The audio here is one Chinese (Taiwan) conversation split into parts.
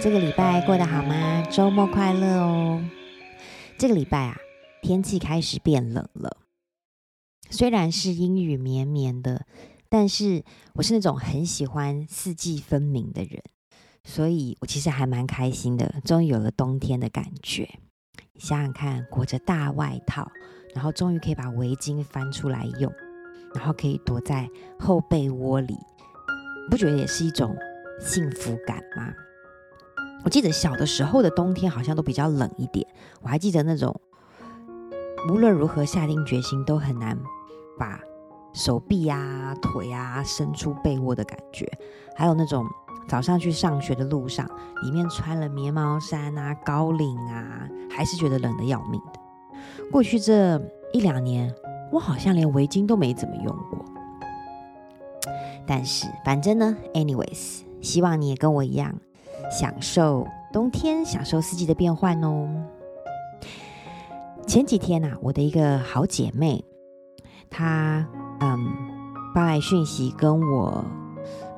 這個禮拜過得好嗎？周末快樂哦！這個禮拜啊，天氣開始變冷了。雖然是陰雨綿綿的，但是我是那種很喜歡四季分明的人，所以我其實還蠻開心的，終於有了冬天的感覺。想想看，裹着大外套，然後終於可以把圍巾翻出來用，然後可以躲在厚被窩裡，不覺得也是一種幸福感嗎？我記得小的時候的冬天好像都比較冷一點，我還記得那種無論如何下定決心都很難把手臂啊、腿啊伸出被窩的感覺，還有那種早上去上學的路上，裡面穿了棉毛衫啊、高領啊，還是覺得冷的要命的。過去這一兩年，我好像連圍巾都沒怎麼用過，但是反正呢，anyways，希望你也跟我一樣。享受冬天，享受四季的變換哦。前幾天吶、啊，我的一個好姐妹，她嗯發來訊息跟我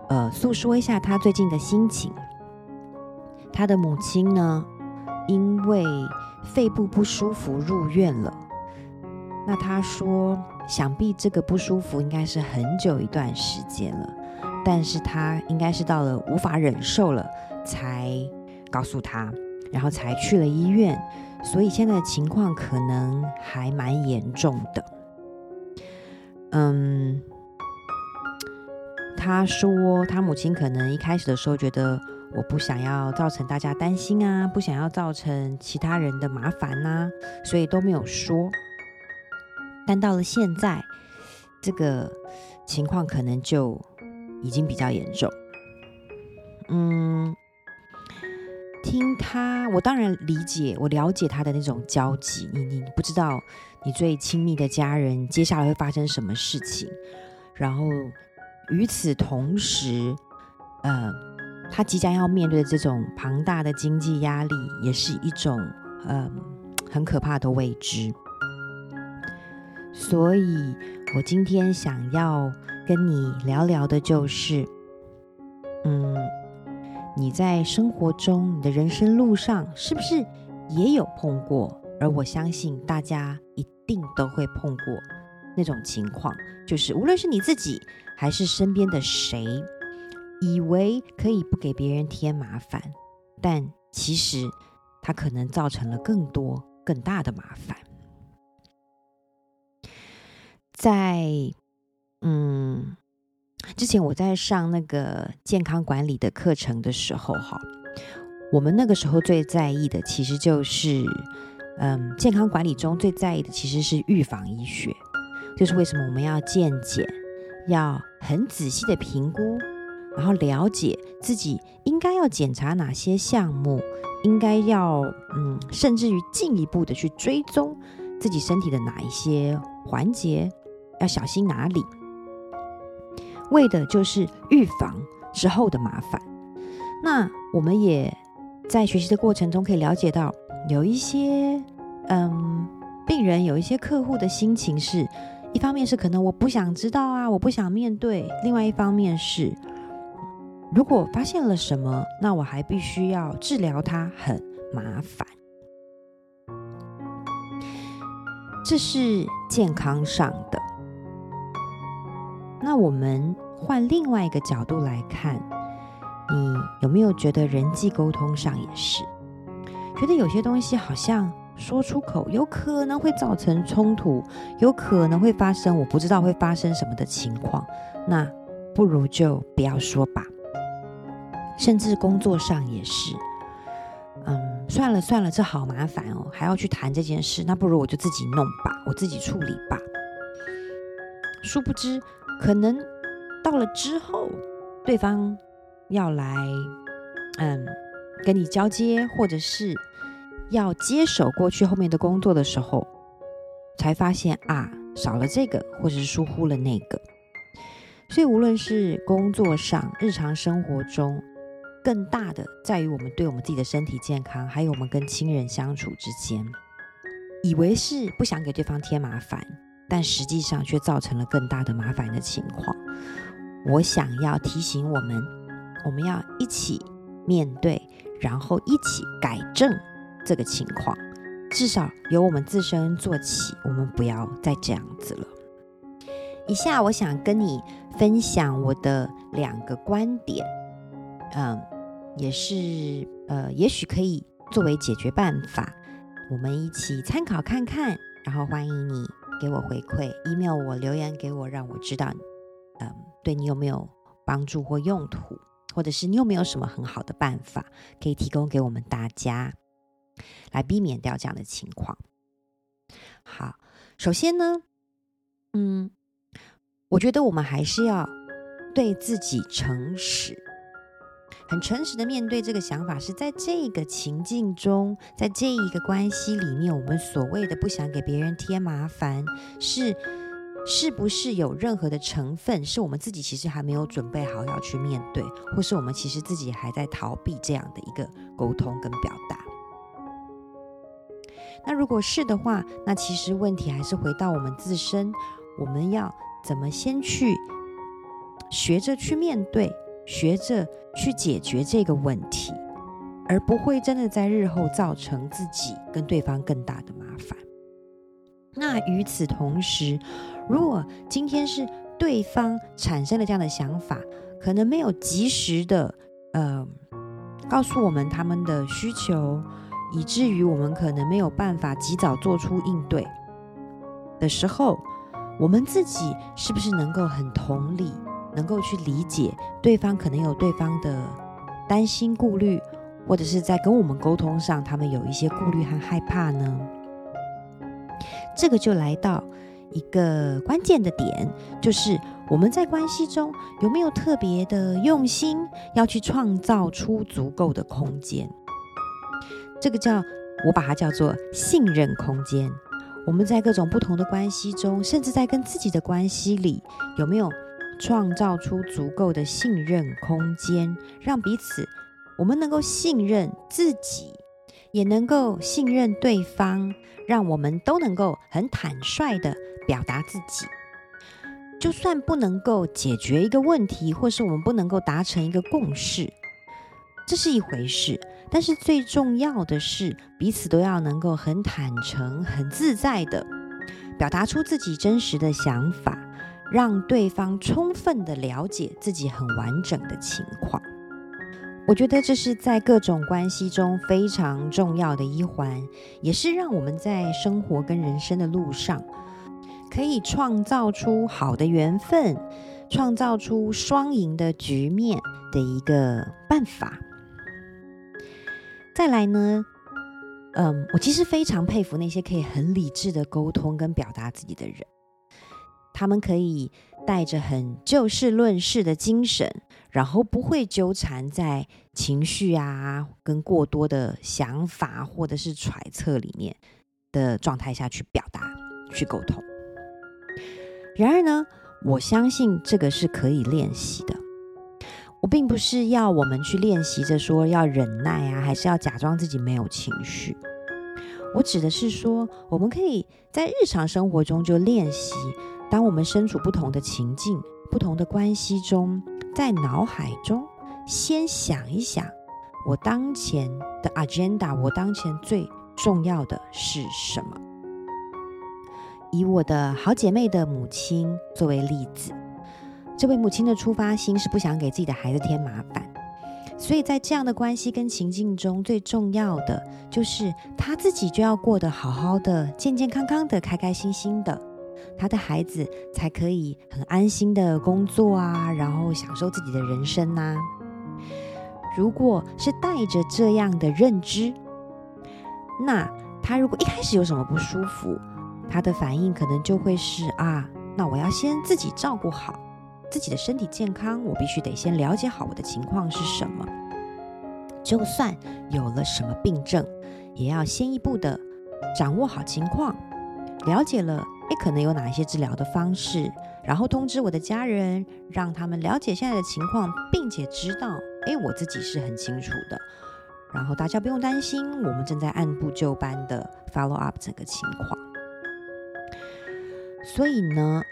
呃訴說一下她最近的心情。她的母親呢，因為肺部不舒服入院了。那她說，想必這個不舒服應該是很久一段時間了，但是她應該是到了無法忍受了。才告訴他，然後才去了醫院，所以現在的情況可能還蠻嚴重的。嗯，他說他母親可能一開始的時候覺得我不想要造成大家擔心啊，不想要造成其他人的麻煩啊，所以都沒有說。但到了現在，這個情況可能就已經比較嚴重。嗯。聽他，我當然理解，我了解他的那種焦急。你你不知道，你最親密的家人接下來會發生什麼事情，然後與此同時，呃，他即將要面對的這種龐大的經濟壓力，也是一種呃很可怕的未知。所以我今天想要跟你聊聊的就是，嗯。你在生活中，你的人生路上，是不是也有碰過？而我相信大家一定都會碰過那種情況，就是無論是你自己還是身邊的誰，以為可以不給別人添麻煩，但其實他可能造成了更多更大的麻煩。在嗯。之前我在上那個健康管理的課程的時候，哈，我們那個時候最在意的，其實就是，嗯，健康管理中最在意的其實是預防醫學，就是為什麼我們要健檢，要很仔細的評估，然後了解自己應該要檢查哪些項目，應該要，嗯，甚至於進一步的去追蹤自己身體的哪一些環節，要小心哪裡。為的就是預防之後的麻煩。那我們也在學習的過程中，可以了解到，有一些嗯，病人有一些客戶的心情是：一方面是可能我不想知道啊，我不想面對；另外一方面是，如果發現了什麼，那我還必須要治療它，很麻煩。這是健康上的。那我們換另外一個角度來看，你有沒有覺得人際溝通上也是，覺得有些東西好像說出口有可能會造成衝突，有可能會發生我不知道會發生什麼的情況，那不如就不要說吧。甚至工作上也是，嗯，算了算了，這好麻煩哦，還要去談這件事，那不如我就自己弄吧，我自己處理吧。殊不知。可能到了之後，對方要來，嗯，跟你交接，或者是要接手過去後面的工作的時候，才發現啊，少了這個，或者是疏忽了那個。所以無論是工作上、日常生活中，更大的在於我們對我們自己的身體健康，還有我們跟親人相處之間，以為是不想給對方添麻煩。但實際上卻造成了更大的麻煩的情況。我想要提醒我們，我們要一起面對，然後一起改正這個情況。至少由我們自身做起，我們不要再這樣子了。以下我想跟你分享我的兩個觀點。嗯，也是呃，也許可以作為解決辦法，我們一起參考看看，然後歡迎你，給我回饋，email 我留言給我，讓我知道，嗯，對你有沒有幫助或用途，或者是你有沒有什麼很好的辦法可以提供給我們大家，來避免掉這樣的情況。好，首先呢，嗯，我覺得我們還是要對自己誠實。很誠實的面對這個想法，是在這個情境中，在這一個關係裡面，我們所謂的不想給別人添麻煩，是是不是有任何的成分，是我們自己其實還沒有準備好要去面對，或是我們其實自己還在逃避這樣的一個溝通跟表達？那如果是的話，那其實問題還是回到我們自身，我們要怎麼先去學着去面對？學着去解決這個問題，而不會真的在日後造成自己跟對方更大的麻煩。那與此同時，如果今天是對方產生了這樣的想法，可能沒有及時的呃告訴我們他們的需求，以至於我們可能沒有辦法及早做出應對的時候，我們自己是不是能夠很同理？能夠去理解對方可能有對方的擔心、顧慮，或者是在跟我們溝通上，他們有一些顧慮和害怕呢？這個就來到一個關鍵的點，就是我們在關係中有沒有特別的用心，要去創造出足夠的空間。這個叫，我把它叫做信任空間。我們在各種不同的關係中，甚至在跟自己的關係裡，有沒有？創造出足夠的信任空間，讓彼此我們能夠信任自己，也能夠信任對方，讓我們都能夠很坦率的表達自己。就算不能夠解決一個問題，或是我們不能夠達成一個共識，這是一回事。但是最重要的是，彼此都要能夠很坦誠、很自在的表達出自己真實的想法。讓對方充分的了解自己很完整的情況，我覺得這是在各種關係中非常重要的一環，也是讓我們在生活跟人生的路上可以創造出好的緣分，創造出雙贏的局面的一個辦法。再來呢，嗯，我其實非常佩服那些可以很理智的溝通跟表達自己的人。他們可以帶着很就事論事的精神，然後不會糾纏在情緒啊、跟過多的想法或者是揣測裡面的狀態下去表達、去溝通。然而呢，我相信這個是可以練習的。我並不是要我們去練習着說要忍耐啊，還是要假裝自己沒有情緒。我指的是說，我們可以在日常生活中就練習。當我們身處不同的情境、不同的關係中，在腦海中先想一想，我當前的 agenda，我當前最重要的是什麼？以我的好姐妹的母親作為例子，這位母親的出發心是不想給自己的孩子添麻煩，所以在這樣的關係跟情境中，最重要的就是她自己就要過得好好的、健健康康的、開開心心的。他的孩子才可以很安心的工作啊，然後享受自己的人生吶、啊。如果是帶着這樣的認知，那他如果一開始有什麼不舒服，他的反應可能就會是啊，那我要先自己照顧好自己的身體健康，我必須得先了解好我的情況是什麼。就算有了什麼病症，也要先一步的掌握好情況，了解了。哎，可能有哪一些治療的方式，然後通知我的家人，讓他們了解現在的情況，並且知道，哎，我自己是很清楚的。然後大家不用擔心，我們正在按部就班的 follow up 整個情況。所以呢，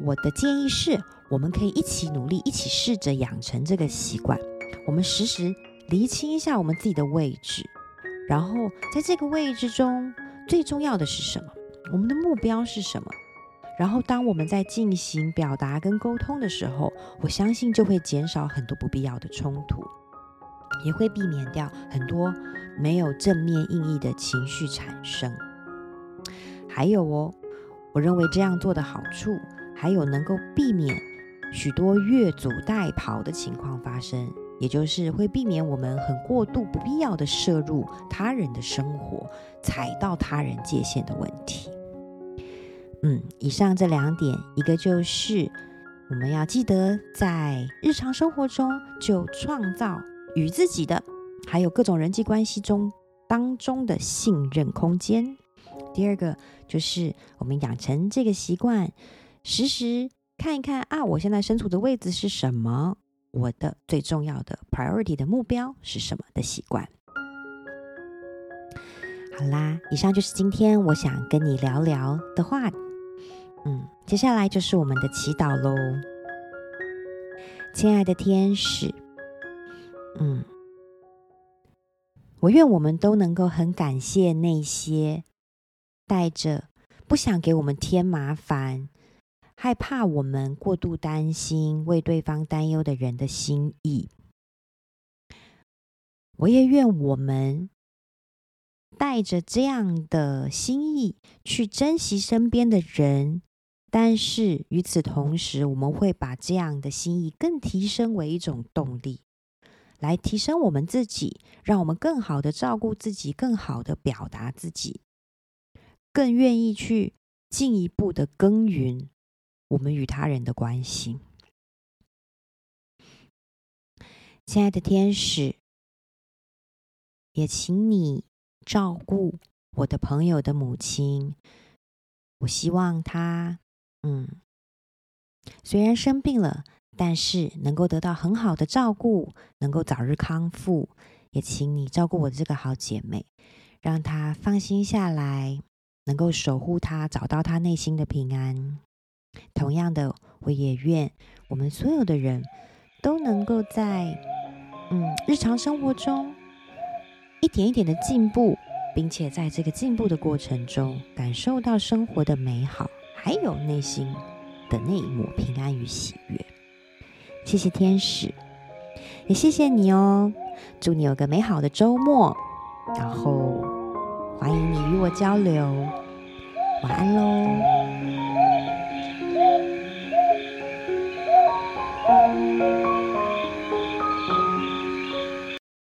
我的建議是，我們可以一起努力，一起試着養成這個習慣。我們時時釐清一下我們自己的位置，然後在這個位置中，最重要的是什麼？我們的目標是什麼？然後，當我們在進行表達跟溝通的時候，我相信就會減少很多不必要的衝突，也會避免掉很多沒有正面意義的情緒產生。還有哦，我認為這樣做的好處，還有能夠避免許多越俎代庖的情況發生，也就是會避免我們很過度、不必要的攝入他人的生活，踩到他人界限的問題。嗯，以上這兩點，一個就是我們要記得在日常生活中就創造與自己的，還有各種人際關係中當中的信任空間；第二個就是我們養成這個習慣，時時看一看啊，我現在身處的位置是什麼，我的最重要的 priority 的目標是什麼的習慣。好啦，以上就是今天我想跟你聊聊的話題。嗯，接下來就是我們的祈禱嘍。親愛的天使，嗯，我願我們都能夠很感謝那些帶着不想給我們添麻煩、害怕我們過度擔心、為對方擔憂的人的心意。我也願我們帶着這樣的心意去珍惜身邊的人。但是與此同時，我們會把這樣的心意更提升為一種動力，來提升我們自己，讓我們更好的照顧自己，更好的表達自己，更願意去進一步的耕耘我們與他人的關係。親愛的天使，也請你照顧我的朋友的母親。我希望她。嗯，雖然生病了，但是能夠得到很好的照顧，能夠早日康復，也請你照顧我這個好姐妹，讓她放心下來，能夠守護她，找到她內心的平安。同樣的，我也願我們所有的人都能夠在嗯日常生活中一點一點的進步，並且在這個進步的過程中，感受到生活的美好。還有內心的那一抹平安與喜悅，謝謝天使，也謝謝你哦，祝你有個美好的周末，然後歡迎你與我交流，晚安嘍。